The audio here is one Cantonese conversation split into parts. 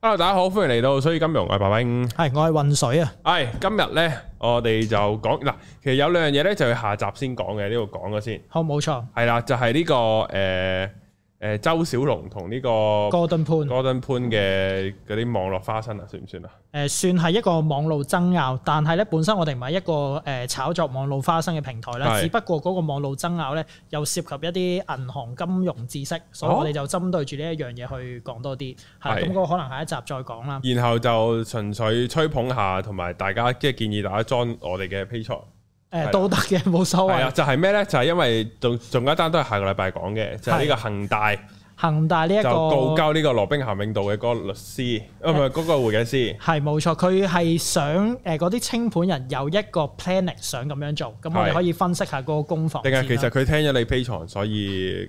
Hello 大家好，歡迎嚟到《水與金融》，我啊，白兵係，我係渾水啊。係、哎，今日咧，我哋就講嗱，其實有兩樣嘢咧，就要下集先講嘅，呢度講咗先。好，冇錯。係啦，就係、是、呢、這個誒。呃誒、呃、周小龍同呢、這個 Gordon 潘，Gordon 潘嘅嗰啲網絡花生啊，算唔算啊？誒、呃，算係一個網路爭拗，但係咧本身我哋唔係一個誒、呃、炒作網路花生嘅平台啦，是只不過嗰個網路爭拗咧又涉及一啲銀行金融知識，所以我哋就針對住呢一樣嘢去講多啲，係咁，嗰個可能下一集再講啦。然後就純粹吹捧下，同埋大家即係、就是、建議大家 join 我哋嘅 platform 誒，都得嘅，冇所謂。係啊，就係咩咧？就係因為仲仲有一單都係下個禮拜講嘅，就係呢個恒大恒大呢一個告交呢個羅兵咸永道嘅個律師，唔係嗰個會計師。係冇錯，佢係想誒嗰啲清盤人有一個 plan，想咁樣做，咁我哋可以分析下嗰個攻防。定係其實佢聽咗你 Patreon，所以。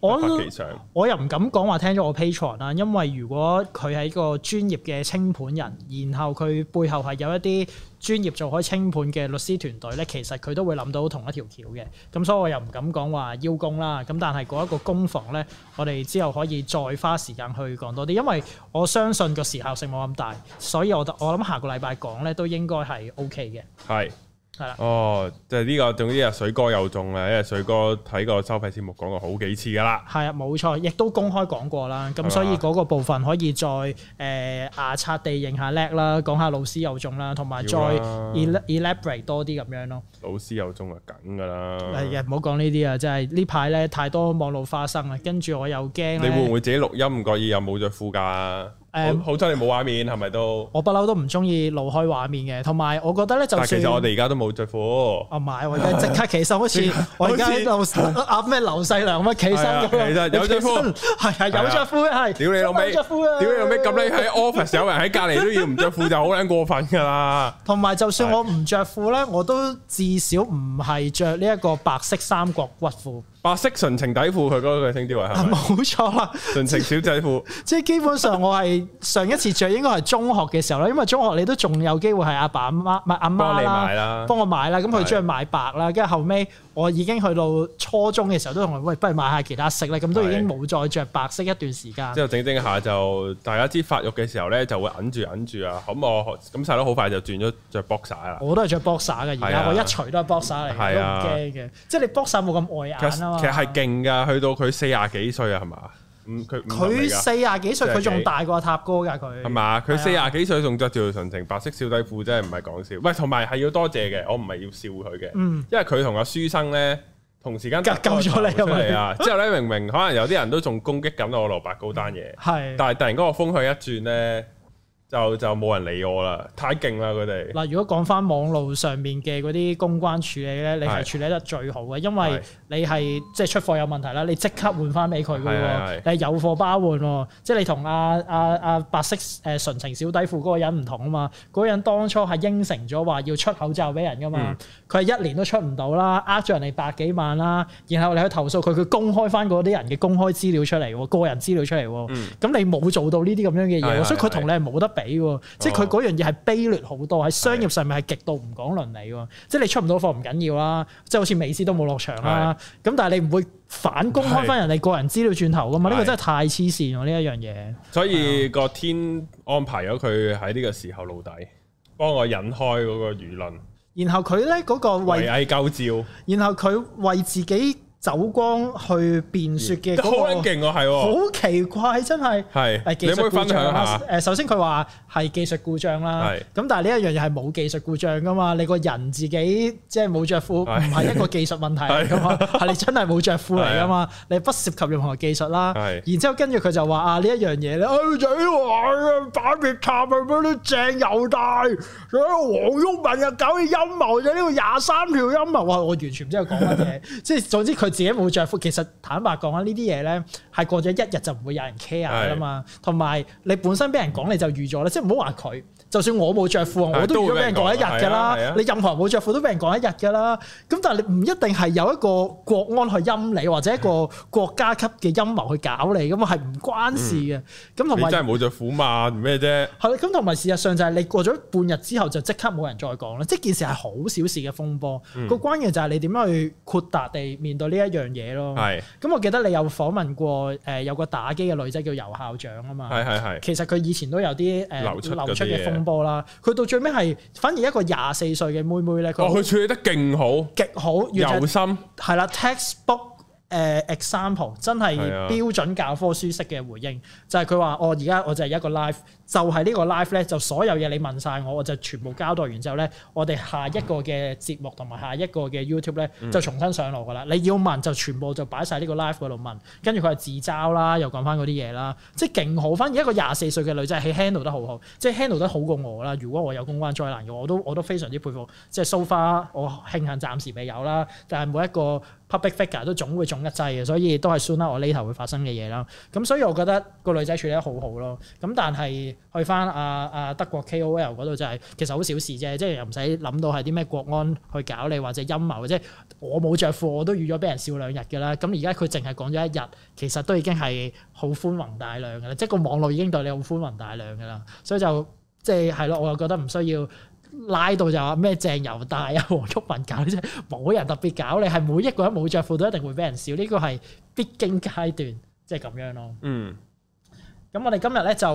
我，我又唔敢講話聽咗我 Patreon 啦，因為如果佢係一個專業嘅清盤人，然後佢背後係有一啲專業做開清盤嘅律師團隊呢，其實佢都會諗到同一條橋嘅。咁所以我又唔敢講話邀功啦。咁但係嗰一個工房呢，我哋之後可以再花時間去講多啲，因為我相信個時效性冇咁大，所以我我諗下個禮拜講呢，都應該係 OK 嘅。係。係啦，哦，即係呢個總之啊，水哥又中啦，因為水哥睇過收費節目講過好幾次噶啦。係啊，冇錯，亦都公開講過啦。咁所以嗰個部分可以再誒牙刷地認下叻啦，講下老師又中啦，同埋再 el elaborate 多啲咁樣咯。老師又中啊，梗噶啦。誒，唔好講呢啲啊，真係呢排咧太多網絡發生啦，跟住我又驚咧。你會唔會自己錄音唔覺意，又冇在副架？誒，好彩你冇畫面，係咪都？我不嬲都唔中意露開畫面嘅，同埋我覺得咧，就算其實我哋而家都冇着褲。唔係，我而家即刻其實好似我而家啲劉阿咩劉細良咁樣企身咁其實有着褲，係係有着褲，係。屌你老味！着褲屌你老味！咁你喺 office 有人喺隔籬都要唔着褲就好撚過分噶啦。同埋就算我唔着褲咧，我都至少唔係着呢一個白色三角骨褲。白、啊、色純情底褲，佢嗰句稱啲為係冇錯啦， 純情小仔褲。 即係基本上我係上一次着應該係中學嘅時候啦，因為中學你都仲有機會係阿爸阿媽，唔係阿媽啦，幫我嚟買啦，的幫我買啦，咁佢出去買白啦，跟住後尾。我已經去到初中嘅時候都，都同佢喂，不如買下其他色咧，咁是都已經冇再着白色一段時間。之後、就是、整整下就 大家知發育嘅時候咧，就會揞住揞住啊。咁、嗯、我咁曬都好快就轉咗着 boxer 啦。我都係着 boxer 嘅，而家我一除都係 boxer 嚟，唔驚嘅。即係你 boxer 冇咁外眼啊，其實係勁噶，吧去到佢四十幾歲啊，係嘛？佢四廿幾歲，佢仲大過塔哥㗎，佢係嘛？佢四廿幾歲仲着條純情、啊、白色小底褲，真係唔係講笑。唔同埋係要多謝嘅，我唔係要笑佢嘅，嗯、因為佢同阿書生咧同時間救咗你係啊！之後咧，明明可能有啲人都仲攻擊緊我蘿蔔糕單嘢， 是但係突然間個風向一轉咧。就就冇人理我啦，太勁啦佢哋。嗱，如果講翻網路上面嘅嗰啲公關處理咧，是你係處理得最好嘅，因為你係是即係出貨有問題啦，你即刻換翻俾佢嘅喎，你係有貨包換喎，即係你同阿阿阿白色誒純情小底褲嗰個人唔同啊嘛，嗰人當初係應承咗話要出口罩俾人噶嘛，佢係、嗯、一年都出唔到啦，呃咗人哋百幾萬啦，然後你去投訴佢，佢公開翻嗰啲人嘅公開資料出嚟喎，個人資料出嚟喎，咁、嗯、你冇做到呢啲咁樣嘅嘢，是是是所以佢同你係冇得。俾、哦、即係佢嗰樣嘢係卑劣好多，喺商業上面係極度唔講倫理喎是的。即係是的 你出唔到貨唔緊要啦，即係好似美斯都冇落場啦。咁但係你唔會反公開翻人哋個人資料轉頭噶嘛？呢是的 個真係太黐線喎！呢一樣嘢。所以個、嗯、天安排咗佢喺呢個時候露底，幫我引開嗰個輿論。然後佢呢嗰、嗰個偽偽鳩然後佢為自己。走光去辯雪嘅好嗰個好奇怪，真係係你可唔可以分享下？誒，首先佢話係技術故障啦，咁但係呢一樣嘢係冇技術故障噶嘛？你個人自己即係冇着褲，唔係一個技術問題咁啊？係你真係冇着褲嚟噶嘛？你不涉及任何技術啦。然之後跟住佢就話啊，呢一樣嘢咧，死壞啊，擺別塔係咪都正又大？仲有黃毓民又搞嘢陰謀，就呢個廿三條陰謀，我完全唔知佢講乜嘢。即係總之佢。自己冇在乎，其實坦白講啦，呢啲嘢咧係過咗一日就唔會有人 care 啦嘛。同埋是的 你本身俾人講你就預咗啦，是的 即係唔好話佢。就算我冇着褲，我都會俾人講一日噶啦。對你任何人冇着褲都俾人講一日噶啦。咁但係你唔一定係有一個國安去陰你，或者一個國家級嘅陰謀去搞你咁啊，係唔關事嘅。咁同埋你真係冇着褲嘛？咩啫？係。咁同埋事實上就係你過咗半日之後就即刻冇人再講啦。即件事係好小事嘅風波。個、嗯、關鍵就係你點樣去豁達地面對呢一樣嘢咯。咁、嗯、我記得你有訪問過誒有個打機嘅女仔叫游校長啊嘛。係係係。其實佢以前都有啲誒流出嘅風波。的的恐怖啦！佢到最尾係反而一個廿四歲嘅妹妹咧，佢、哦、處理得勁好，極好，有心係啦，textbook。誒 example、呃、真係標準教科書式嘅回應，啊、就係佢話：我而家我就係一個 live 就係、是、呢個 live 咧，就所有嘢你問晒我，我就全部交代完之後咧，我哋下一個嘅節目同埋下一個嘅 YouTube 咧，就重新上路噶啦。嗯、你要問就全部就擺晒呢個 live 嗰度問，跟住佢係自嘲啦，又講翻嗰啲嘢啦，即係勁好反而一個廿四歲嘅女仔，佢 handle 得好好，即係 handle 得好過我啦。如果我有公關災難，我都我都非常之佩服。即係 so far，我慶幸暫時未有啦。但係每一個 public figure 都總會中一劑嘅，所以都係 sooner or later 會發生嘅嘢啦。咁所以我覺得個女仔處理得好好咯。咁但係去翻阿阿德國 KOL 嗰度就係、是、其實好小事啫，即係又唔使諗到係啲咩國安去搞你或者陰謀，即係我冇着褲我都預咗俾人笑兩日嘅啦。咁而家佢淨係講咗一日，其實都已經係好寬宏大量嘅啦，即係個網絡已經對你好寬宏大量嘅啦。所以就即係係咯，我又覺得唔需要。拉到就話咩正柔大啊黃旭文搞啲啫，冇人特別搞你，係每一個人冇着褲都一定會俾人笑，呢個係必經階段，即係咁樣咯。嗯，咁我哋今日咧就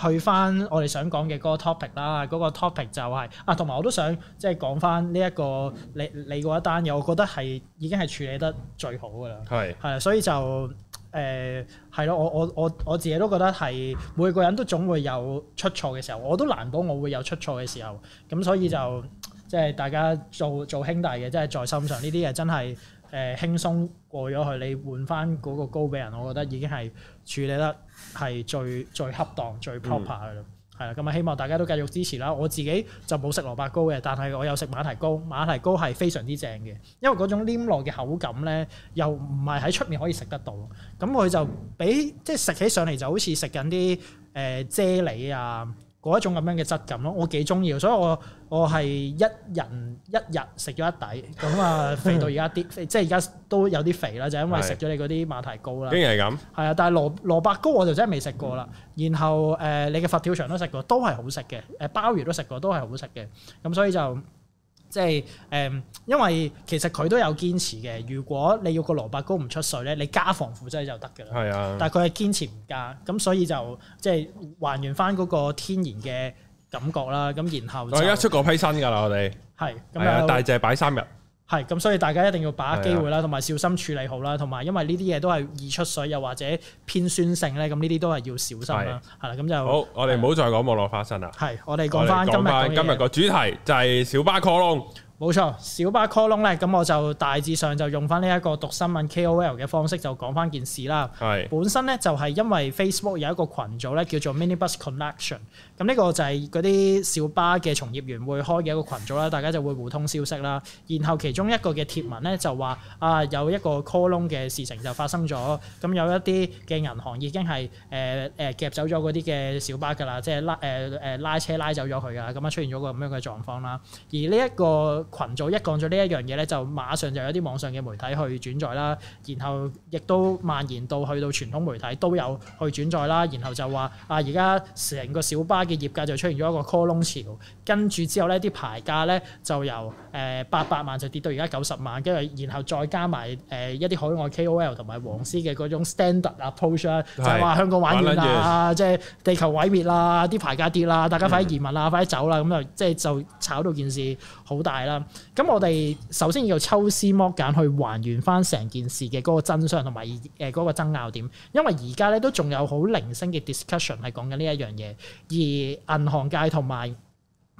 誒去翻我哋想講嘅嗰個 topic 啦，嗰個 topic 就係、是、啊，同埋我都想即係講翻呢一個你你嗰一單嘢，我覺得係已經係處理得最好㗎喇，係係是，所以就。誒係咯，我我我我自己都覺得係每個人都總會有出錯嘅時候，我都難保我會有出錯嘅時候，咁所以就即係、就是、大家做做兄弟嘅，即、就、係、是、在心上呢啲嘢真係誒、呃、輕鬆過咗去，你換翻嗰個高俾人，我覺得已經係處理得係最最恰當最 proper 嘅。嗯。係啦，咁啊希望大家都繼續支持啦。我自己就冇食蘿蔔糕嘅，但係我有食馬蹄糕，馬蹄糕係非常之正嘅，因為嗰種黏落嘅口感咧，又唔係喺出面可以食得到。咁佢就俾即係食起上嚟就好似食緊啲誒啫喱啊～嗰一種咁樣嘅質感咯，我幾中意，所以我我係一人一日食咗一底，咁啊肥到而家啲， 即係而家都有啲肥啦，就係因為食咗你嗰啲馬蹄糕啦。竟然係咁？係啊，但係蘿蘿蔔糕我就真係未食過啦。然後誒，你嘅佛跳牆都食過，都係好食嘅。誒鮑魚都食過，都係好食嘅。咁所以就。即係誒、嗯，因為其實佢都有堅持嘅。如果你要個蘿蔔糕唔出水咧，你加防腐劑就得㗎啦。係是啊，但係佢係堅持唔加，咁所以就即係還原翻嗰個天然嘅感覺啦。咁然後就我而家出個批新㗎啦，我哋係咁樣大隻擺三日。係，咁所以大家一定要把握機會啦，同埋的小心處理好啦，同埋因為呢啲嘢都係易出水，又或者偏酸性咧，咁呢啲都係要小心啦。係啦的，咁就好。我哋唔好再講網絡花生啦。係，我哋講翻今日今日個主題就係小巴 call loan。冇錯，小巴 call loan 咧，咁我就大致上就用翻呢一個讀新聞 KOL 嘅方式就講翻件事啦。係是本身咧就係因為 Facebook 有一個群組咧叫做 Minibus Connection，咁呢個就係嗰啲小巴嘅從業員會開嘅一個群組啦，大家就會互通消息啦。然後其中一個嘅貼文咧就話啊有一個 call loan 嘅事情就發生咗，咁有一啲嘅銀行已經係誒誒夾走咗嗰啲嘅小巴噶啦，即係拉誒誒、呃、拉車拉走咗佢啊，咁啊出現咗個咁樣嘅狀況啦。而呢、這、一個群組一講咗呢一樣嘢咧，就馬上就有啲網上嘅媒體去轉載啦，然後亦都蔓延到去到傳統媒體都有去轉載啦，然後就話啊而家成個小巴嘅業界就出現咗一個 call loan 潮，跟住之後呢啲牌價呢，就由誒八百萬就跌到而家九十萬，跟住然後再加埋誒一啲海外 KOL 同埋黃絲嘅嗰種 standard 啊 approach 啊、mm，hmm. 就話香港玩完啦，完即係地球毀滅啦，啲牌價跌啦，大家快啲移民啦，mm hmm. 快啲走啦，咁就即係就炒到件事好大啦。咁我哋首先要抽絲剝繭去還原翻成件事嘅嗰個真相同埋誒嗰個爭拗點，因為而家咧都仲有好零星嘅 discussion 係講緊呢一樣嘢，而銀行界同埋。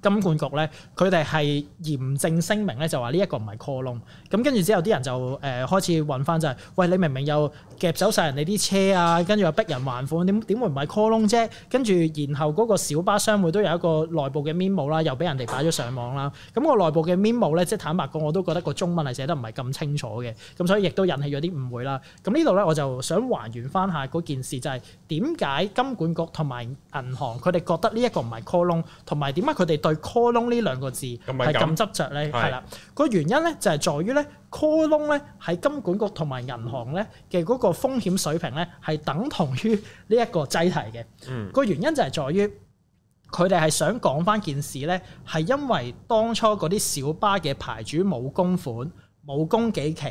金管局咧，佢哋係嚴正聲明咧，就話呢一個唔係 call loan。咁跟住之後，啲人就誒開始揾翻就係，喂，你明明又夾走曬人哋啲車啊，跟住又逼人還款，點點會唔係 call loan 啫？跟住然後嗰個小巴商會都有一個內部嘅 memo 啦，又俾人哋擺咗上網啦。咁個內部嘅 memo 咧，即係坦白講，我都覺得個中文係寫得唔係咁清楚嘅，咁所以亦都引起咗啲誤會啦。咁呢度咧，我就想還原翻下嗰件事，就係點解金管局同埋銀行佢哋覺得呢一個唔係 call loan，同埋點解佢哋對去 call loan 呢兩個字係咁執着咧，係啦，個原因咧，就係在於咧，call loan 咧喺金管局同埋銀行咧，嘅嗰個風險水平咧，係等同於呢一個擠提嘅。個原因就係在於佢哋係想講翻件事咧，係因為當初嗰啲小巴嘅牌主冇供款，冇供幾期。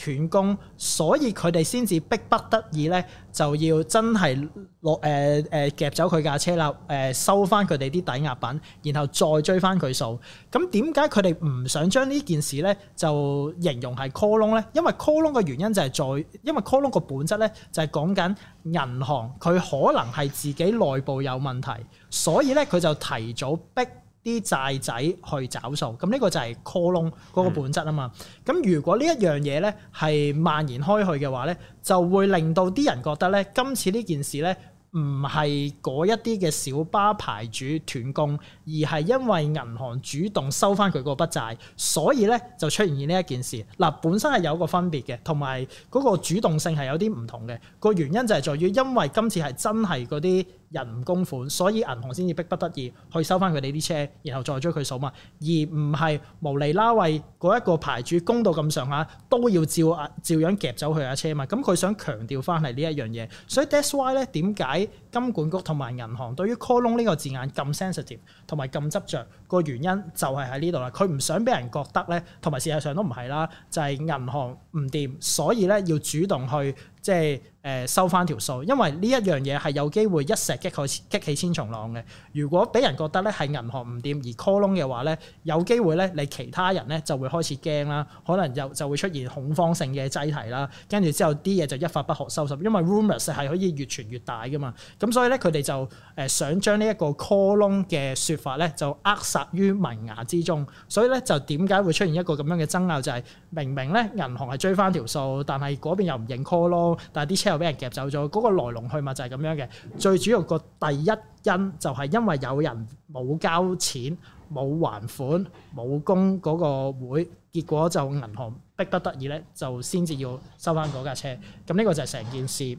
斷供，所以佢哋先至逼不得已咧，就要真係落誒誒、呃呃、夾走佢架車啦，誒、呃、收翻佢哋啲抵押品，然後再追翻佢數。咁點解佢哋唔想將呢件事咧就形容係 call loan 咧？因為 call loan 嘅原因就係在，因為 call loan 個本質咧就係講緊銀行佢可能係自己內部有問題，所以咧佢就提早逼啲債仔去找數，咁呢個就係 call loan 嗰個本質啊嘛。咁如果呢一樣嘢咧係蔓延開去嘅話咧，就會令到啲人覺得咧，今次呢件事咧唔係嗰一啲嘅小巴牌主斷供，而係因為銀行主動收翻佢個筆債，所以咧就出現呢一件事。嗱，本身係有個分別嘅，同埋嗰個主動性係有啲唔同嘅。個原因就係在於，因為今次係真係嗰啲人工款，所以銀行先至逼不得已去收翻佢哋啲車，然後再追佢數嘛，而唔係無厘啦，為嗰一個牌主供到咁上下都要照阿照樣夾走佢架車嘛，咁佢想強調翻係呢一樣嘢，所以 that's why 咧點解？金管局同埋銀行對於 call 窿呢個字眼咁 sensitive 同埋咁執着個原因就係喺呢度啦，佢唔想俾人覺得咧，同埋事實上都唔係啦，就係、是、銀行唔掂，所以咧要主動去即係誒、呃、收翻條數，因為呢一樣嘢係有機會一石激佢擊起千重浪嘅。如果俾人覺得咧係銀行唔掂而 call 窿嘅話咧，有機會咧你其他人咧就會開始驚啦，可能又就，就會出現恐慌性嘅擠提啦，跟住之後啲嘢就一發不可收拾，因為 rumors 係可以越傳越大噶嘛。咁所以咧，佢哋就誒想將呢一個 call loan 嘅説法咧，就扼殺於萌芽之中。所以咧，就點解會出現一個咁樣嘅爭拗？就係、是、明明咧，銀行係追翻條數，但係嗰邊又唔認 call loan，但係啲車又俾人夾走咗。嗰、那個來龍去脈就係咁樣嘅。最主要個第一因就係因為有人冇交錢、冇還款、冇供嗰個會，結果就銀行逼不得已咧，就先至要收翻嗰架車。咁呢個就係成件事。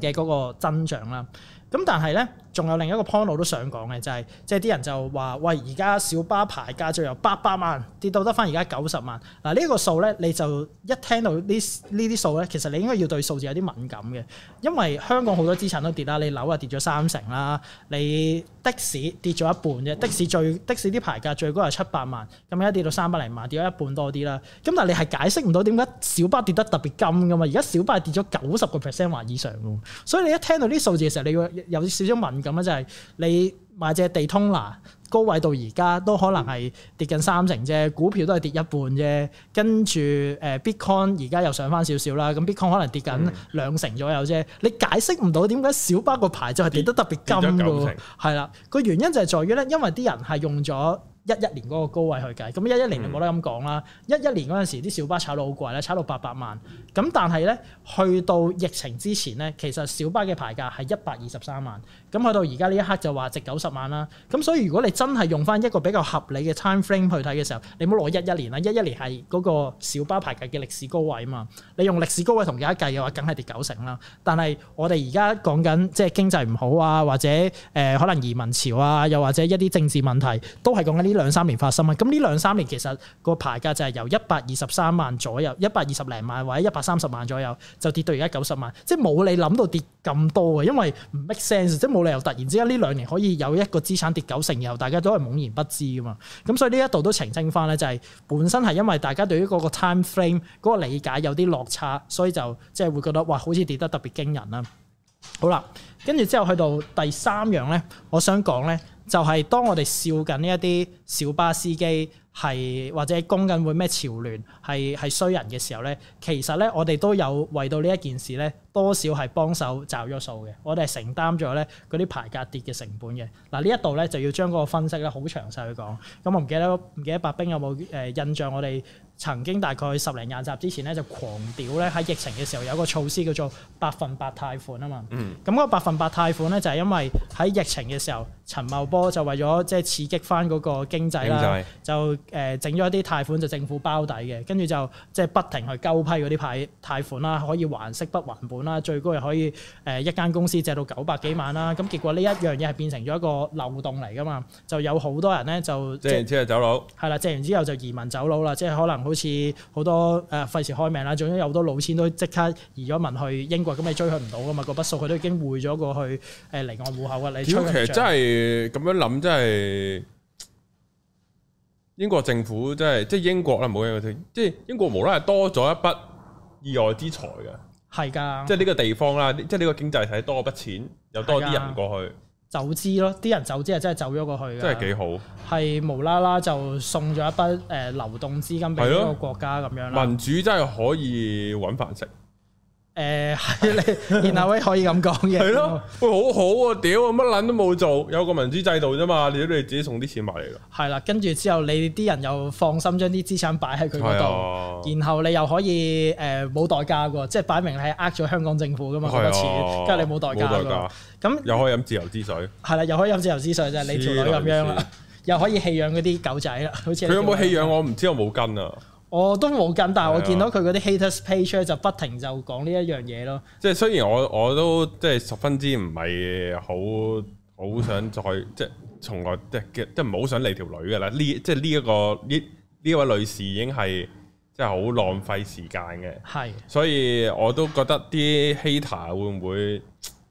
嘅嗰個增長啦，咁但係咧。仲有另一個 point 我都想講嘅，就係即係啲人就話：喂，而家小巴牌價就由八百萬跌到得返而家九十萬。嗱、啊、呢、呢個數咧，你就一聽到呢呢啲數咧，其實你應該要對數字有啲敏感嘅，因為香港好多資產都跌啦，你樓啊跌咗三成啦，你的士跌咗一半啫，的士最的士啲牌價最高係七百萬，咁而家跌到三百零萬，跌咗一半多啲啦。咁但係你係解釋唔到點解小巴跌得特別金㗎嘛？而家小巴跌咗九十個 percent 或以上，所以你一聽到啲數字嘅時候，你要有少少敏感。咁咧就係你買隻地通拿，高位到而家都可能係跌近三成啫，股票都係跌一半啫。跟住誒，Bitcoin 而家又上返少少啦。咁 Bitcoin 可能跌緊兩成左右啫。你解釋唔到點解小巴個牌就係跌得特別勁㗎？係啦，個原因就係在於咧，因為啲人係用咗一一年嗰個高位去計。咁一一年冇得咁講啦，一一年嗰陣時啲小巴炒到好貴咧，炒到八百萬。咁但係咧，去到疫情之前咧，其實小巴嘅牌價係一百二十三萬。咁去到而家呢一刻就話值九十萬啦，咁所以如果你真係用翻一個比較合理嘅 time frame 去睇嘅時候，你唔好攞一一年啦，一一年係嗰個小巴牌價嘅歷史高位啊嘛，你用歷史高位同而家計嘅話，梗係跌九成啦。但係我哋而家講緊即係經濟唔好啊，或者誒可能移民潮啊，又或者一啲政治問題，都係講緊呢兩三年發生啊。咁呢兩三年其實個牌價就係由一百二十三萬左右、一百二十零萬或者一百三十萬左右，就跌到而家九十萬，即係冇你諗到跌咁多嘅，因為唔 make sense，即係冇。突然之間呢兩年可以有一個資產跌九成以後，然後大家都係懵然不知噶嘛，咁所以呢一度都澄清翻咧，就係本身係因為大家對於嗰個 time frame 嗰個理解有啲落差，所以就即係會覺得哇，好似跌得特別驚人啦。好啦，跟住之後去到第三樣咧，我想講咧，就係、是、當我哋笑緊呢一啲。小巴司機係或者攻緊會咩潮聯係係衰人嘅時候咧，其實咧我哋都有為到呢一件事咧多少係幫手找咗數嘅，我哋係承擔咗咧嗰啲牌價跌嘅成本嘅。嗱、啊、呢一度咧就要將嗰個分析咧好詳細去講。咁、啊、我唔記得唔記得白兵有冇誒、呃、印象？我哋曾經大概十零廿集之前咧就狂屌咧喺疫情嘅時候有一個措施叫做百分百貸款啊嘛。嗯。咁嗰百分百貸款咧就係、是、因為喺疫情嘅時候，陳茂波就為咗即係刺激翻、那、嗰個。經濟啦，就誒整咗一啲貸款，就政府包底嘅，跟住就即係不停去鳩批嗰啲貸貸款啦，可以還息不還本啦，最高又可以誒一間公司借到九百幾萬啦。咁結果呢一樣嘢係變成咗一個漏洞嚟噶嘛，就有好多人咧就借，借完之後走佬，係啦，借完之後就移民走佬啦，即係可能好似好多誒費事開名啦，總之有好多老千都即刻移咗民去英國，咁你追佢唔到噶嘛，個筆數佢都已經匯咗過去誒離岸戶口啦。其實真係咁樣諗真係。英國政府即係即係英國啦，冇英國先，即係英國無啦啦多咗一筆意外之財嘅，係噶的，即係呢個地方啦，即係呢個經濟體多一筆錢，又多啲人過去走資咯，啲人走資啊，真係走咗過去，真係幾好，係無啦啦就送咗一筆誒流動資金俾呢個國家咁的樣。民主真係可以搵飯食。誒，你然後可以咁講嘅係咯，喂，好好啊，屌，乜撚都冇做，有個民主制度啫嘛，你你哋自己送啲錢埋嚟㗎。係啦，跟住之後你啲人又放心將啲資產擺喺佢嗰度，然後你又可以誒冇代價㗎，即係擺明係呃咗香港政府㗎嘛好多錢，跟住你冇代價㗎。咁又可以飲自由之水。係啦，又可以飲自由之水就係，你條女咁樣啦，又可以棄養嗰啲狗仔啦，好似佢有冇棄養我唔知，我冇跟啊。我、哦、都冇咁，但係我見到佢嗰啲 haters page 就不停就講呢一樣嘢咯。即係雖然我我都即係十分之唔係好好想再、嗯、即係從來即即係唔好想嚟條女㗎啦。呢即係呢、呢個、一個呢呢位女士已經係即係好浪費時間嘅。係是，所以我都覺得啲 hater 會唔會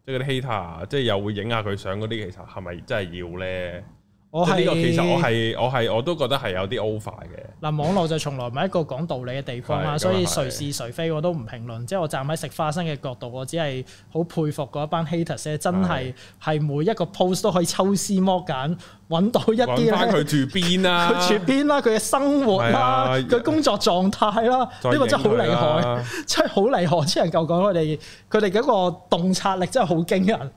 即係嗰啲 hater 即係又會影下佢相嗰啲，其實係咪真係要咧？我係呢個，其實我係我係我都覺得係有啲 over 嘅。嗱，網絡就從來唔係一個講道理嘅地方嘛，所以誰是誰非我都唔評論。即係我站喺食花生嘅角度，我只係好佩服嗰一班 haters 真係係每一個 post 都可以抽絲剝繭揾到一啲揾翻佢住邊啦？佢住邊啦？佢嘅生活啦，佢工作狀態啦，呢個真係好厲害，真係好厲害！只能夠講佢哋，佢哋嗰個洞察力真係好驚人。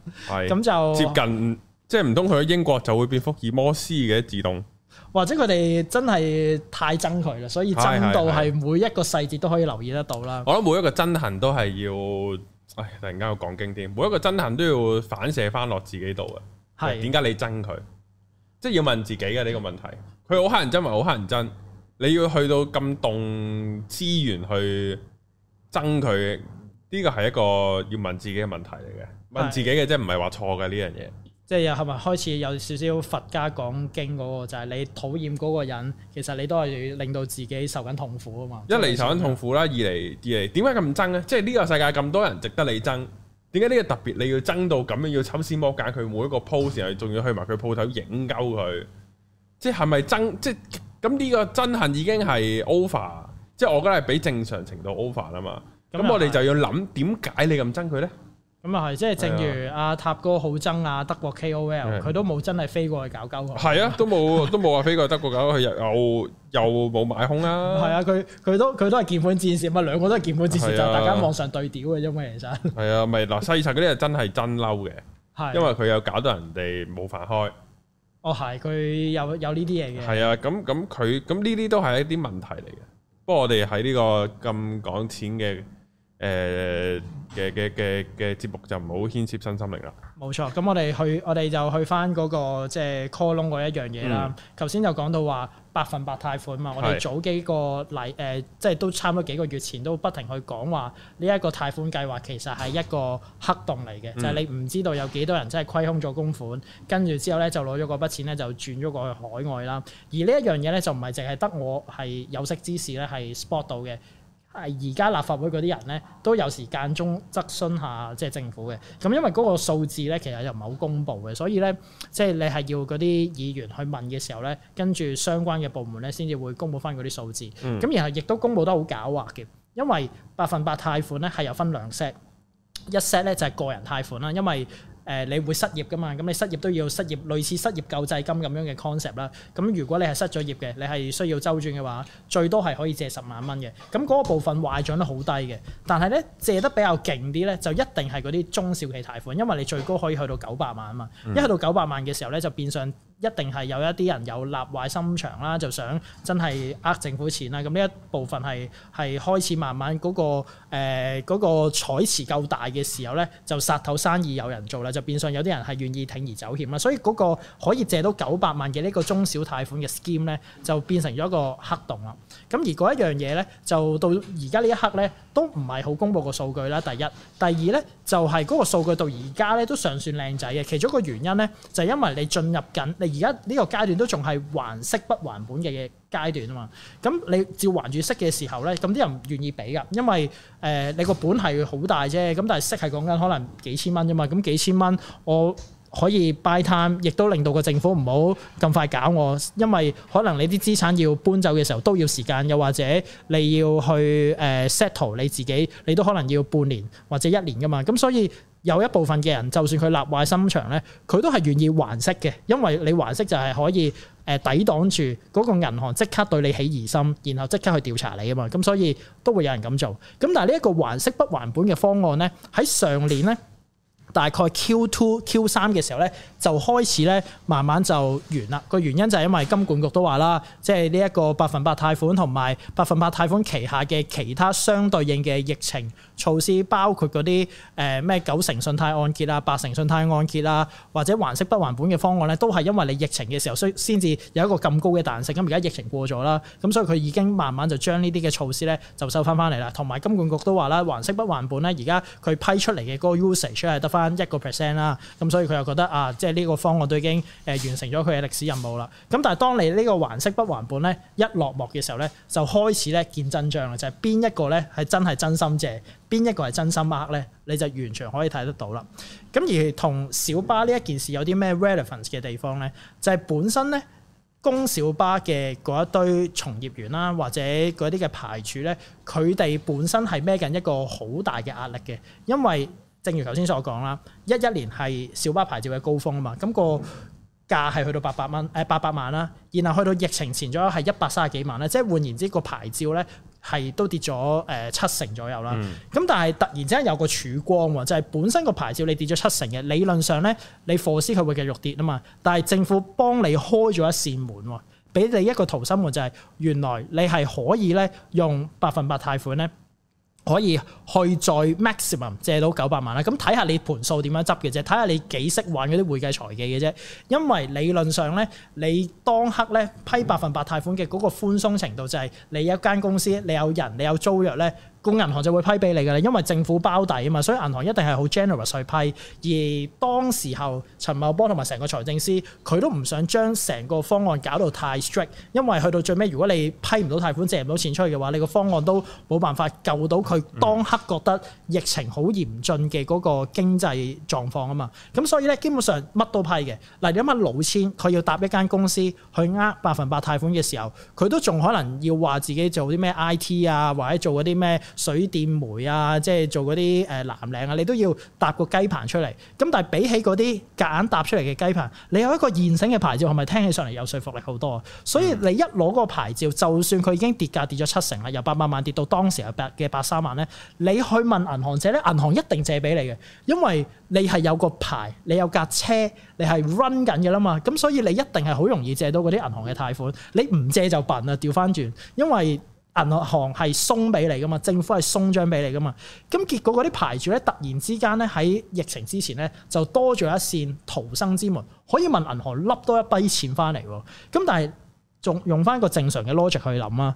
咁就接近。即係唔通佢喺英國就會變福爾摩斯嘅自動？或者佢哋真係太憎佢啦，所以憎到係每一個細節都可以留意得到啦。是是是是，我諗每一個憎恨都係要，唉突然間要講經典，每一個憎恨都要反射翻落自己度嘅。係點解你憎佢？即係要問自己嘅呢個問題。佢好乞人憎咪好乞人憎？你要去到咁多資源去憎佢，呢個係一個要問自己嘅問題嚟嘅。問自己嘅即係，唔係話錯嘅呢樣嘢。這個即係又係咪開始有少少佛家講經嗰個就係、是、你討厭嗰個人，其實你都係要令到自己受緊痛苦啊嘛。一嚟受緊痛苦啦，二嚟二嚟，點解咁憎咧？即係呢個世界咁多人值得你憎，點解呢個特別你要憎到咁樣要抽絲剝繭佢每一個 pose，然後仲要去埋佢鋪頭影鳩佢？即係係咪憎？即係咁呢個憎恨已經係 over，即係我覺得係比正常程度 over 啊嘛。咁、嗯、就我哋就要諗點解你咁憎佢咧？咁啊，係即係，正如阿塔哥好憎啊，德國 KOL 佢都冇真係飛過去搞鳩佢。係啊，都冇，都冇話飛過去德國搞佢又又又冇買空啊。係啊，佢佢都佢都係鍵盤戰士，咪兩個都係鍵盤戰士就大家網上對屌嘅。因為其實係啊，咪嗱西柴嗰啲係真係真嬲嘅，係因為佢又搞到人哋冇飯開。哦，係佢有有呢啲嘢嘅。係啊，咁咁佢咁呢啲都係一啲問題嚟嘅。不過我哋喺呢個咁講錢嘅。誒嘅嘅嘅嘅節目就唔好牽涉新心靈啦。冇錯，咁我哋去我哋就去翻嗰、那個即係、就是、call loan 嗰一樣嘢啦。頭先、嗯、就講到話百分百貸款嘛，是我哋早幾個禮誒，即、呃、係、就是、都差唔多幾個月前都不停去講話呢一個貸款計劃其實係一個黑洞嚟嘅，嗯、就係你唔知道有幾多人真係虧空咗公款，跟住之後咧就攞咗嗰筆錢咧就轉咗過去海外啦。而呢一樣嘢咧就唔係淨係得我係有識之士咧係 spot 到嘅。但係而家立法會嗰啲人咧都有時間中質詢下即係政府嘅，咁因為嗰個數字咧其實又唔係好公佈嘅，所以咧即係你係要嗰啲議員去問嘅時候咧，跟住相關嘅部門咧先至會公佈翻嗰啲數字。咁、嗯、然後亦都公佈得好狡猾嘅，因為百分百貸款咧係有分兩 set，一 set 咧就係個人貸款啦，因為。誒，你會失業噶嘛？咁你失業都要失業，類似失業救濟金咁樣嘅 concept 啦。咁如果你係失咗業嘅，你係需要周轉嘅話，最多係可以借十萬蚊嘅。咁、那、嗰個部分壞帳都好低嘅。但係咧，借得比較勁啲咧，就一定係嗰啲中小企貸款，因為你最高可以去到九百萬啊嘛。嗯、一去到九百萬嘅時候咧，就變相。一定係有一啲人有立壞心腸啦，就想真係呃政府錢啦。咁呢一部分係係開始慢慢嗰個誒嗰個彩池夠大嘅時候呢，就殺頭生意有人做啦，就變上有啲人係願意鋌而走險啦。所以嗰個可以借到九百萬嘅呢個中小貸款嘅 scheme 呢，就變成咗一個黑洞啦。咁而嗰一樣嘢呢，就到而家呢一刻呢，都唔係好公佈個數據啦。第一，第二呢，就係嗰個數據到而家呢，都尚算靚仔嘅。其中一個原因呢，就係因為你進入緊而家呢個階段都仲係還息不還本嘅嘢階段啊嘛，咁你照還住息嘅時候呢，咁啲人唔願意俾噶，因為誒你個本係好大啫，咁但係息係講緊可能幾千蚊啫嘛，咁幾千蚊我可以 buy time，亦都令到個政府唔好咁快搞我，因為可能你啲資產要搬走嘅時候都要時間，又或者你要去誒 settle 你自己，你都可能要半年或者一年噶嘛，咁所以。有一部分嘅人，就算佢立壞心腸呢，佢都係願意還息嘅，因為你還息就係可以誒抵擋住嗰個銀行即刻對你起疑心，然後即刻去調查你啊嘛，咁所以都會有人咁做。咁但係呢一個還息不還本嘅方案呢，喺上年呢，大概 Q2、Q3 嘅時候呢。就開始咧，慢慢就完啦。個原因就係因為金管局都話啦，即係呢一個百分百貸款同埋百分百貸款旗下嘅其他相對應嘅疫情措施，包括嗰啲誒咩九成信貸按揭啊、八成信貸按揭啊，或者還息不還本嘅方案咧，都係因為你疫情嘅時候，需先至有一個咁高嘅彈性。咁而家疫情過咗啦，咁所以佢已經慢慢就將呢啲嘅措施咧就收翻翻嚟啦。同埋金管局都話啦，還息不還本咧，而家佢批出嚟嘅嗰個 usage 係得翻一個 percent 啦。咁所以佢又覺得啊，即呢個方案都已經誒完成咗佢嘅歷史任務啦。咁但係當你個呢個還息不還本咧，一落幕嘅時候咧，就開始咧見真章啦。就係、是、邊一個咧係真係真心借，邊一個係真心呃咧，你就完全可以睇得到啦。咁而同小巴呢一件事有啲咩 relevance 嘅地方咧，就係、是、本身咧供小巴嘅嗰一堆從業員啦、啊，或者嗰啲嘅牌主咧，佢哋本身係孭緊一個好大嘅壓力嘅，因為正如頭先所講啦，一一年係小巴牌照嘅高峰啊嘛，咁、那個價係去到八百蚊，誒八百萬啦，然後去到疫情前左右係一百三十幾萬啦，即係換言之個牌照咧係都跌咗誒七成左右啦。咁、嗯、但係突然之間有個曙光喎，就係、是、本身個牌照你跌咗七成嘅，理論上咧你貨司佢會繼續跌啊嘛，但係政府幫你開咗一扇門，俾你一個逃生門、就是，就係原來你係可以咧用百分百貸款咧。可以去再 maximum 借到九百萬啦，咁睇下你盤數點樣執嘅啫，睇下你幾識玩嗰啲會計財技嘅啫，因為理論上呢，你當刻呢批百分百貸款嘅嗰個寬鬆程度就係、是、你有一間公司，你有人，你有租約呢。供銀行就會批俾你㗎啦，因為政府包底啊嘛，所以銀行一定係好 generous 去批。而當時候陳茂波同埋成個財政司，佢都唔想將成個方案搞到太 strict，因為去到最尾，如果你批唔到貸款，借唔到錢出去嘅話，你個方案都冇辦法救到佢當刻覺得疫情好嚴峻嘅嗰個經濟狀況啊嘛。咁所以呢，基本上乜都批嘅。嗱，你諗下老千，佢要搭一間公司去呃百分百貸款嘅時候，佢都仲可能要話自己做啲咩 IT 啊，或者做嗰啲咩？水電煤啊，即係做嗰啲誒藍領啊，你都要搭個雞棚出嚟。咁但係比起嗰啲夾硬搭出嚟嘅雞棚，你有一個現成嘅牌照，係咪聽起上嚟有說服力好多？所以你一攞嗰個牌照，就算佢已經跌價跌咗七成啦，由八百萬跌到當時係八嘅百三萬咧，你去問銀行借咧，銀行一定借俾你嘅，因為你係有個牌，你有架車，你係 run 緊嘅啦嘛。咁所以你一定係好容易借到嗰啲銀行嘅貸款，你唔借就笨啦，調翻轉，因為。銀行係鬆俾你噶嘛，政府係鬆張俾你噶嘛，咁結果嗰啲牌照咧突然之間咧喺疫情之前咧就多咗一扇逃生之門，可以問銀行笠多一筆錢翻嚟喎。咁但係仲用翻一個正常嘅 logic 去諗啊，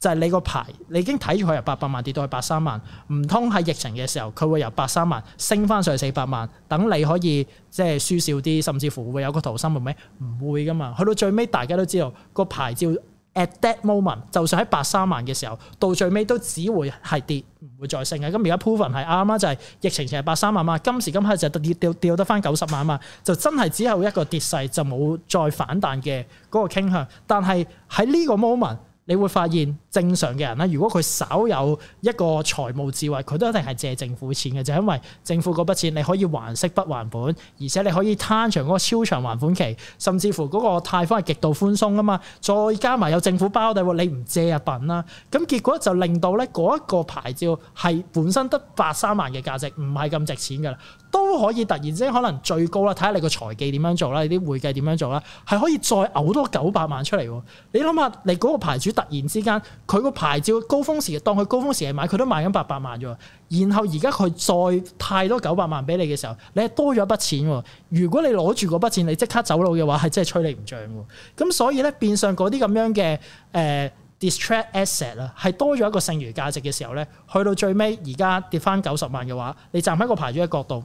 就係、是、你個牌你已經睇住佢由八百萬跌到去八三萬，唔通喺疫情嘅時候佢會由八三萬升翻上去四百萬，等你可以即係輸少啲，甚至乎會有個逃生係咩？唔會噶嘛，去到最尾大家都知道個牌照。At that moment，就算喺八三萬嘅時候，到最尾都只會係跌，唔會再升嘅。咁而家 proven 係啱啦，就係、是、疫情成日八三萬嘛，今時今刻就跌跌掉，掉得翻九十萬嘛，就真係只有一個跌勢，就冇再反彈嘅嗰個傾向。但係喺呢個 moment，你會發現。正常嘅人啦，如果佢稍有一個財務智慧，佢都一定係借政府錢嘅，就因為政府嗰筆錢你可以還息不還本，而且你可以攤長嗰個超長還款期，甚至乎嗰個貸方係極度寬鬆啊嘛，再加埋有政府包底，你唔借啊笨啦，咁結果就令到咧嗰一個牌照係本身得八三萬嘅價值，唔係咁值錢噶啦，都可以突然之間可能最高啦，睇下你個財技點樣做啦，你啲會計點樣做啦，係可以再嘔多九百萬出嚟，你諗下你嗰個牌主突然之間。佢個牌照高峰時，當佢高峰時期買，佢都賣緊八百萬啫喎。然後而家佢再貸多九百萬俾你嘅時候，你係多咗一筆錢喎。如果你攞住嗰筆錢，你即刻走佬嘅話，係真係吹你唔脹喎。咁所以咧，變相嗰啲咁樣嘅誒 distract asset 啦，係、呃、多咗一個剩餘價值嘅時候咧，去到最尾而家跌翻九十萬嘅話，你站喺個牌照嘅角度。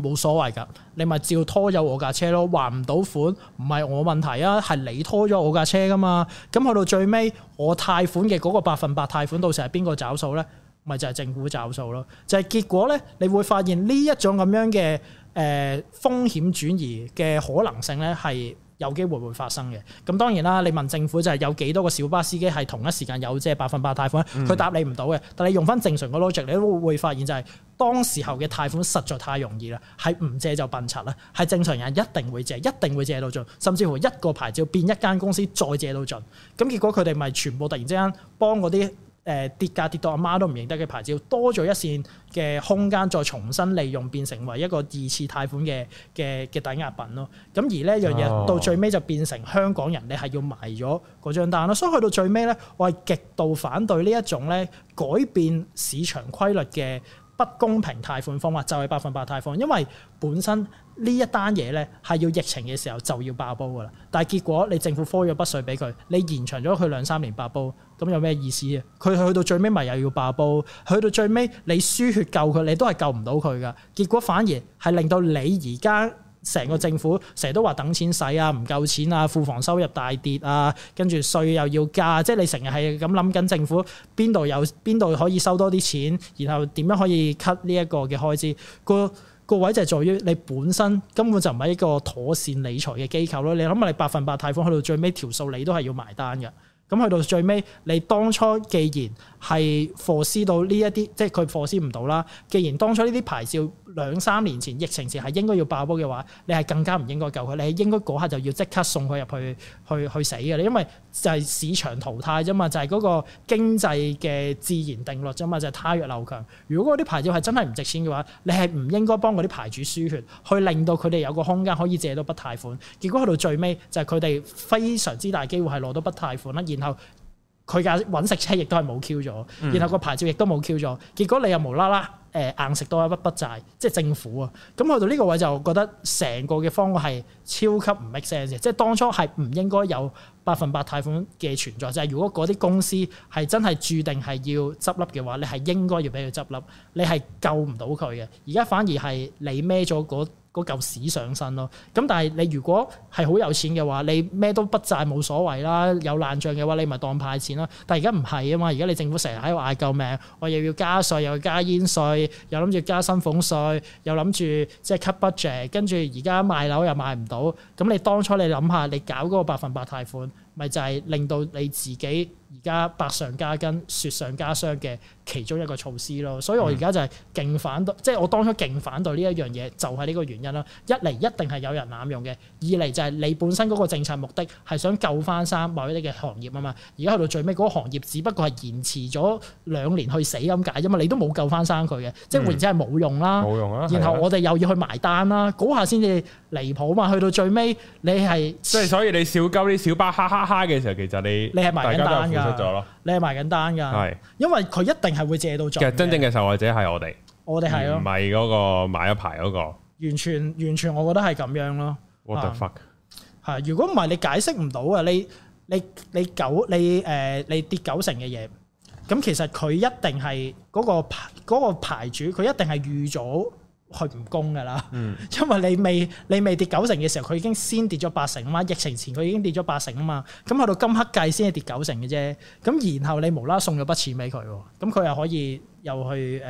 冇所謂㗎，你咪照拖走我架車咯，還唔到款唔係我問題啊，係你拖咗我架車噶嘛。咁去到最尾，我貸款嘅嗰個百分百貸款到時係邊個找數呢？咪就係政府找數咯。就係、是、結果呢，你會發現呢一種咁樣嘅誒、呃、風險轉移嘅可能性呢係有機會會發生嘅，咁當然啦。你問政府就係有幾多個小巴司機係同一時間有借百分百貸款，佢、嗯、答你唔到嘅。但係用翻正常個 logic，你都會發現就係當時候嘅貸款實在太容易啦，係唔借就笨柒啦，係正常人一定會借，一定會借到盡，甚至乎一個牌照變一間公司再借到盡，咁結果佢哋咪全部突然之間幫嗰啲。誒、呃、跌價跌到阿媽都唔認得嘅牌照，多咗一線嘅空間，再重新利用變成為一個二次貸款嘅嘅嘅抵押品咯。咁而呢一樣嘢到最尾就變成香港人你係要埋咗嗰張單咯。所以去到最尾呢，我係極度反對呢一種呢改變市場規律嘅不公平貸款方法，就係百分百貸款。因為本身呢一單嘢呢，係要疫情嘅時候就要爆煲㗎喇，但係結果你政府科咗筆稅俾佢，你延長咗佢兩三年爆煲。咁有咩意思啊？佢去到最尾咪又要爆煲，去到最尾你輸血救佢，你都係救唔到佢噶。結果反而係令到你而家成個政府成日都話等錢使啊，唔夠錢啊，庫房收入大跌啊，跟住稅又要加，即係你成日係咁諗緊政府邊度有邊度可以收多啲錢，然後點樣可以 cut 呢一個嘅開支。個、嗰個位就係在於你本身根本就唔係一個妥善理財嘅機構咯。你諗下，你百分百貸款去到最尾條數，你都係要埋單嘅。咁去到最尾，你當初既然係 force 到呢一啲，即係佢 force 唔到啦。既然當初呢啲牌照，兩三年前疫情前係應該要爆煲嘅話，你係更加唔應該救佢，你係應該嗰刻就要即刻送佢入去去去死嘅。你因為就係市場淘汰啫嘛，就係嗰個經濟嘅自然定律啫嘛，就係汰弱留強。如果嗰啲牌照係真係唔值錢嘅話，你係唔應該幫嗰啲牌主輸血，去令到佢哋有個空間可以借到筆貸款。結果去到最尾就係佢哋非常之大機會係攞到筆貸款啦，然後佢嘅揾食車亦都係冇 Q 咗，然後個牌照亦都冇 Q 咗。結果你又無啦啦。誒、呃、硬食多一筆筆債，即係政府啊！咁去到呢個位就覺得成個嘅方案係超級唔 make sense 嘅，即係當初係唔應該有百分百貸款嘅存在。就係、係、如果嗰啲公司係真係注定係要執笠嘅話，你係應該要俾佢執笠，你係救唔到佢嘅。而家反而係你孭咗嗰嚿屎上身咯。咁但係你如果係好有錢嘅話，你孭都不債冇所謂啦，有爛賬嘅話你咪當派錢咯。但係而家唔係啊嘛，而家你政府成日喺度嗌救命，我又要加稅，又要加煙稅。又諗住加薪俸稅，又諗住即係 cut budget，跟住而家賣樓又賣唔到，咁你當初你諗下，你搞嗰個百分百貸款？咪就係令到你自己而家百上加斤、雪上加霜嘅其中一個措施咯，所以我而家就係勁反對，即、就、係、是、我當初勁反對呢一樣嘢，就係呢個原因啦。一嚟一定係有人濫用嘅，二嚟就係你本身嗰個政策目的係想救翻生某啲嘅行業啊嘛。而家去到最尾，嗰個行業只不過係延遲咗兩年去死咁解啫嘛。你都冇救翻生佢嘅，嗯、即係或者係冇用啦。冇用啦，然後我哋又要去埋單啦，嗰、啊啊、下先至離譜啊嘛。去到最尾，你係即係所以你少救啲小巴哈哈。蝦嘅時候，其實你你係賣緊單㗎，你係賣緊單㗎，係因為佢一定係會借到盡。其實真正嘅受害者係我哋，我哋係咯，唔係嗰個買一排嗰個，完全完全，我覺得係咁樣咯。What the fuck？係如果唔係你解釋唔到呀，你你你九你誒你跌九成嘅嘢，咁其實佢一定係嗰個嗰個牌主，佢一定係預咗。佢唔供噶啦，因為你未你未跌九成嘅時候，佢已經先跌咗八成啊嘛！疫情前佢已經跌咗八成啊嘛！咁去到今刻計先係跌九成嘅啫。咁然後你無啦啦送咗筆錢俾佢，咁佢又可以又去誒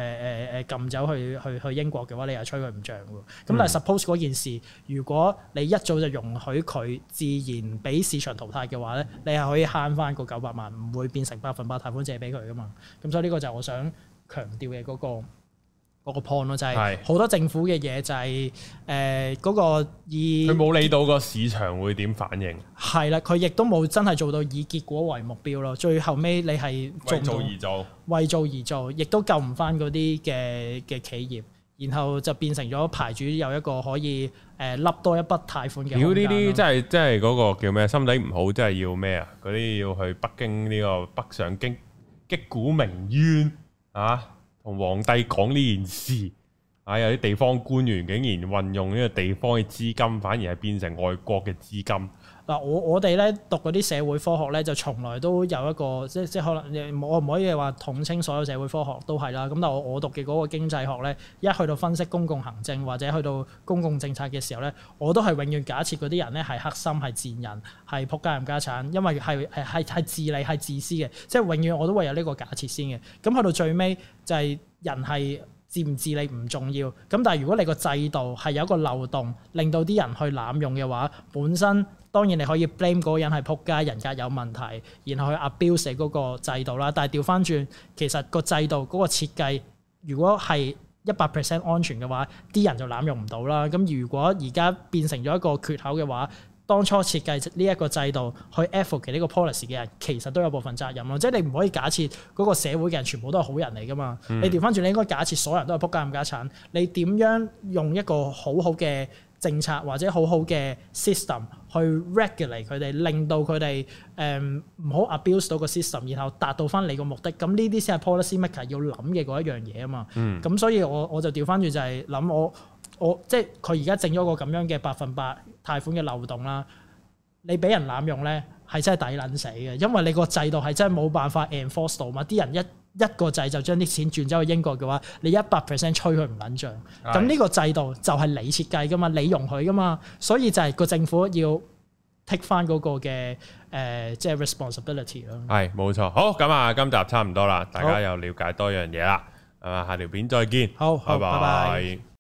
誒誒撳走去去去，去英國嘅話，你又吹佢唔脹喎。咁但係 suppose 嗰、嗯、件事，如果你一早就容許佢自然俾市場淘汰嘅話咧，嗯、你係可以慳翻個九百萬，唔會變成百分百貸款借俾佢噶嘛。咁所以呢個就係我想強調嘅嗰、那個。嗰個 point 咯，就係好多政府嘅嘢就係誒嗰個以佢冇理到個市場會點反應，係啦，佢亦都冇真係做到以結果為目標咯。最後尾你係為做而做，為做而做，亦都救唔翻嗰啲嘅嘅企業，然後就變成咗牌主有一個可以誒笠、呃、多一筆貸款嘅。如果呢啲真係真係嗰個叫咩？心態唔好真，真係要咩啊？嗰啲要去北京呢個北上京擊鼓鳴冤啊！同皇帝講呢件事。啊，有啲地方官員竟然運用呢個地方嘅資金，反而係變成外國嘅資金。嗱，我我哋咧讀嗰啲社會科學咧，就從來都有一個，即即可能，我唔可以話統稱所有社會科學都係啦。咁但我我讀嘅嗰個經濟學咧，一去到分析公共行政或者去到公共政策嘅時候咧，我都係永遠假設嗰啲人咧係黑心、係賤人、係撲街、冚家產，因為係係係係自利、係自私嘅，即係永遠我都會有呢個假設先嘅。咁去到最尾就係人係自唔自利唔重要。咁但係如果你個制度係有一個漏洞，令到啲人去濫用嘅話，本身。當然你可以 blame 嗰個人係撲街，人格有問題，然後去 abuse 嗰個制度啦。但係調翻轉，其實個制度嗰個設計，如果係一百 percent 安全嘅話，啲人就濫用唔到啦。咁如果而家變成咗一個缺口嘅話，當初設計呢一個制度去 effort 嘅呢個 policy 嘅人，其實都有部分責任咯。即係你唔可以假設嗰個社會嘅人全部都係好人嚟㗎嘛？嗯、你調翻轉，你應該假設所有人都係撲街冚家鏟。你點樣用一個好好嘅政策或者好好嘅 system 去 regulate 佢哋，令到佢哋誒唔、嗯、好 abuse 到個 system，然後達到翻你個目的。咁呢啲先係 policymaker 要諗嘅嗰一樣嘢啊嘛。咁、嗯、所以我，我就就我就調翻轉就係諗我我即係佢而家整咗個咁樣嘅百分百貸款嘅漏洞啦。你俾人濫用咧，係真係抵撚死嘅，因為你個制度係真係冇辦法 enforce 到嘛。啲人一一個掣就將啲錢轉走去英國嘅話，你一百 percent 吹佢唔撚脹，咁呢是個制度就係你設計噶嘛，你容許噶嘛，所以就係個政府要 take 翻嗰個嘅誒，即係 responsibility 咯。係，冇錯，好，咁啊，今集差唔多啦，大家又了解多樣嘢啦，係嘛好，下條片再見，好，拜拜。Bye bye bye bye。